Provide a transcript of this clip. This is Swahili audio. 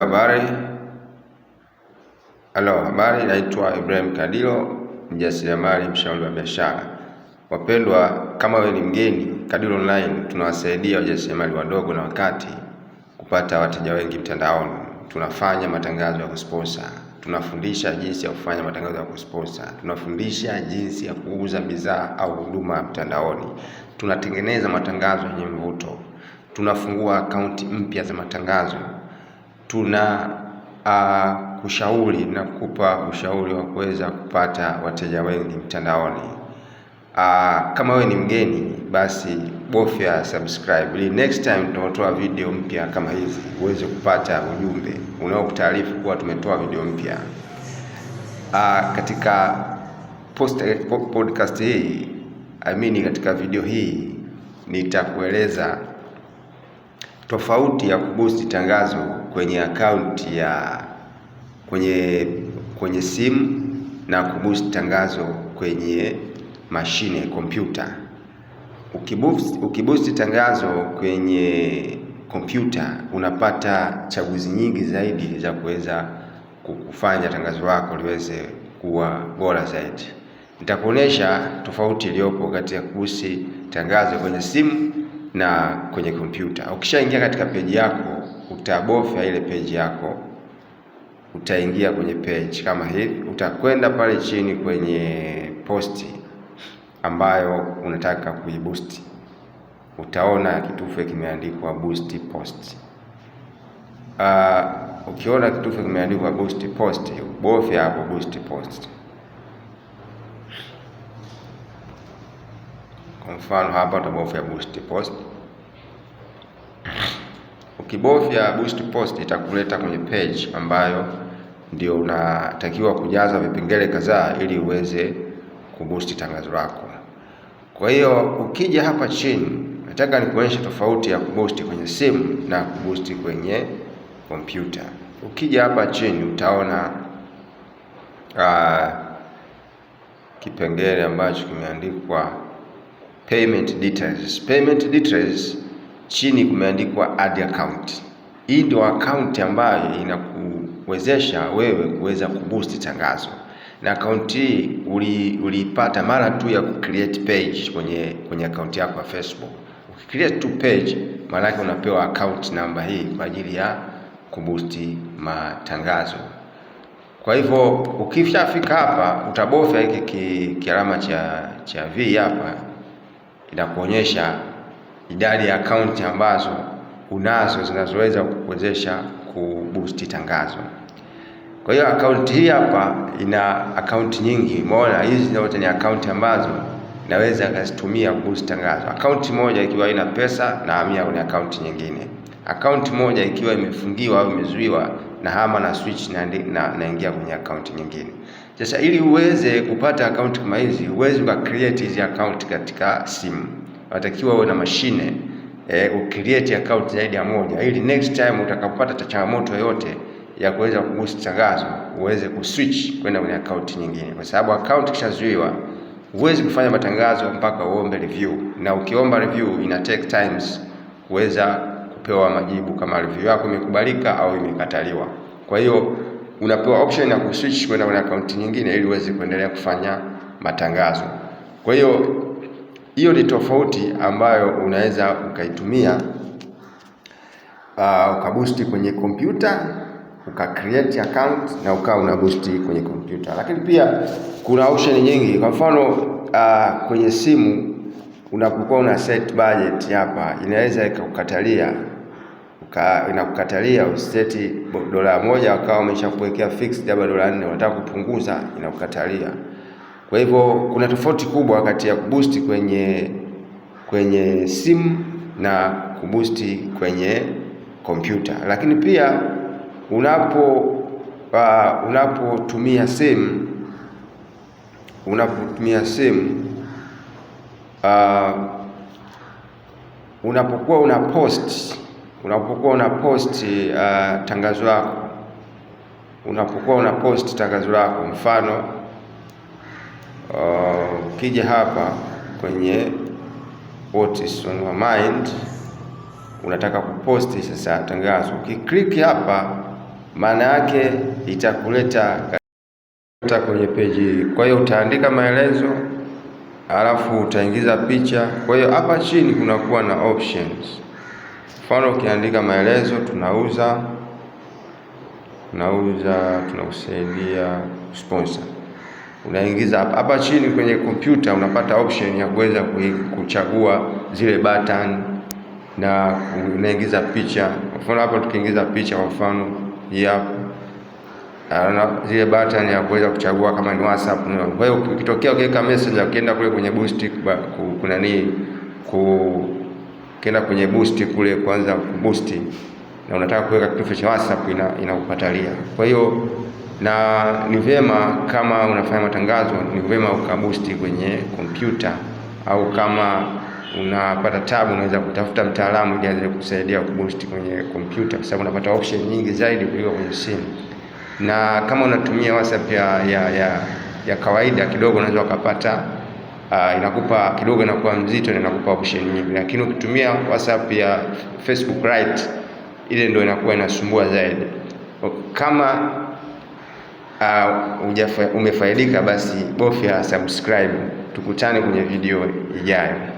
Habari. Halo, habari. Naitwa Ibrahim Kadilo, mjasiriamali, mshauri wa biashara. Wapendwa, kama wewe ni mgeni, Kadilo Online tunawasaidia wajasiriamali wadogo na wakati kupata wateja wengi mtandaoni. Tunafanya matangazo ya kusponsa, tunafundisha jinsi ya kufanya matangazo ya kusponsa, tunafundisha jinsi ya kuuza bidhaa au huduma mtandaoni, tunatengeneza matangazo yenye mvuto, tunafungua akaunti mpya za matangazo tuna uh, kushauri na kukupa ushauri wa kuweza kupata wateja wengi mtandaoni. Uh, kama wewe ni mgeni basi bofya subscribe ili next time tunaotoa video mpya kama hizi uweze kupata ujumbe unaokutaarifu kuwa tumetoa video mpya. Uh, katika post podcast hii I mean katika video hii nitakueleza tofauti ya kuboost tangazo kwenye akaunti ya kwenye kwenye simu na kuboost tangazo kwenye mashine kompyuta. Ukiboost, ukiboost tangazo kwenye kompyuta unapata chaguzi nyingi zaidi za kuweza kufanya tangazo lako liweze kuwa bora zaidi. Nitakuonesha tofauti iliyopo kati ya kuboost tangazo kwenye simu na kwenye kompyuta. Ukishaingia katika peji yako, utabofya ile peji yako, utaingia kwenye peji kama hivi, utakwenda pale chini kwenye posti ambayo unataka kuiboost, utaona kitufe kimeandikwa boost post. Uh, ukiona kitufe kimeandikwa boost post, bofya hapo boost post. Kwa mfano hapa utabofya boost post. Ukibofya boost post itakuleta kwenye page ambayo ndio unatakiwa kujaza vipengele kadhaa ili uweze kuboost tangazo lako. Kwa hiyo ukija hapa chini, nataka nikuonyeshe tofauti ya kuboost kwenye simu na kuboost kwenye kompyuta. Ukija hapa chini utaona uh, kipengele ambacho kimeandikwa payment details. Payment details chini kumeandikwa add account. Hii ndio account ambayo inakuwezesha wewe kuweza kuboost tangazo, na account hii uliipata mara tu ya kucreate page kwenye kwenye account yako ya Facebook. Ukicreate tu page, maana yake unapewa account namba hii kwa ajili ya kuboost matangazo. Kwa hivyo ukishafika hapa utabofya hiki kialama cha cha V hapa inakuonyesha idadi ya akaunti ambazo unazo zinazoweza kukuwezesha kubusti tangazo. Kwa hiyo akaunti hii hapa ina akaunti nyingi, umeona hizi zote ni akaunti ambazo naweza kazitumia kuboost tangazo. Akaunti moja ikiwa ina pesa na hamia kwenye akaunti nyingine, akaunti moja ikiwa imefungiwa au imezuiwa na hama na switch naingia na, na kwenye akaunti nyingine. Sasa ili uweze kupata akaunti kama hizi, huwezi uka create hizi account katika simu, unatakiwa uwe na mashine e, eh, ucreate account zaidi ya moja, ili next time utakapata changamoto yoyote ya kuweza kuboost tangazo uweze kuswitch kwenda kwenye account nyingine, kwa sababu account kishazuiwa huwezi kufanya matangazo mpaka uombe review, na ukiomba review ina take times kuweza kupewa majibu kama review yako imekubalika au imekataliwa. Kwa hiyo unapewa option ya kuswitch kwenda kwenye akaunti nyingine ili uweze kuendelea kufanya matangazo. Kwa hiyo hiyo ni tofauti ambayo unaweza ukaitumia uh, ukabusti kwenye kompyuta uka create account na ukawa una boost kwenye kompyuta, lakini pia kuna option nyingi. Kwa mfano uh, kwenye simu unapokuwa una set budget hapa, inaweza ikakukatalia inakukatalia useti dola moja, wakawa wameshakuwekea fixed labda dola nne, unataka kupunguza inakukatalia. Kwa hivyo kuna tofauti kubwa kati ya kuboost kwenye kwenye simu na kuboost kwenye kompyuta. Lakini pia unapo uh, unapotumia simu unapotumia simu uh, unapokuwa una post unapokuwa una post uh, tangazo lako unapokuwa una post tangazo lako, mfano uh, ukija uh, hapa kwenye what is on your mind, unataka kuposti sasa tangazo, ukiklik hapa, maana yake itakuleta kwenye peji hii. Kwa hiyo utaandika maelezo alafu utaingiza picha. Kwa hiyo hapa chini kunakuwa na options Mfano ukiandika maelezo tunauza, tunauza, tunakusaidia sponsor, unaingiza hapa hapa chini kwenye kompyuta, unapata option ya kuweza kuchagua zile button na unaingiza picha. Mfano hapa tukiingiza picha kwa mfano hii hapa zile button ya kuweza kuchagua kama ni WhatsApp. Kwa hiyo ukitokea ukiweka message, ukienda kule kwenye boost kuna nini ku ukienda kwenye boost kule kuanza boost na unataka kuweka kitufe cha WhatsApp inakupatalia Kwa hiyo na ni vyema kama unafanya matangazo, ni vyema ukabusti kwenye kompyuta, au kama unapata tabu, unaweza kutafuta mtaalamu ili aweze kusaidia kubusti kwenye kompyuta, kwa sababu unapata option nyingi zaidi kuliko kwenye simu. Na kama unatumia WhatsApp ya, ya, ya, ya kawaida kidogo, unaweza ukapata uh, inakupa kidogo inakuwa mzito na inakupa option nyingi, lakini ukitumia WhatsApp ya Facebook Lite ile ndio inakuwa inasumbua zaidi. Kama uh, umefaidika basi bofya subscribe. Tukutane kwenye video ijayo.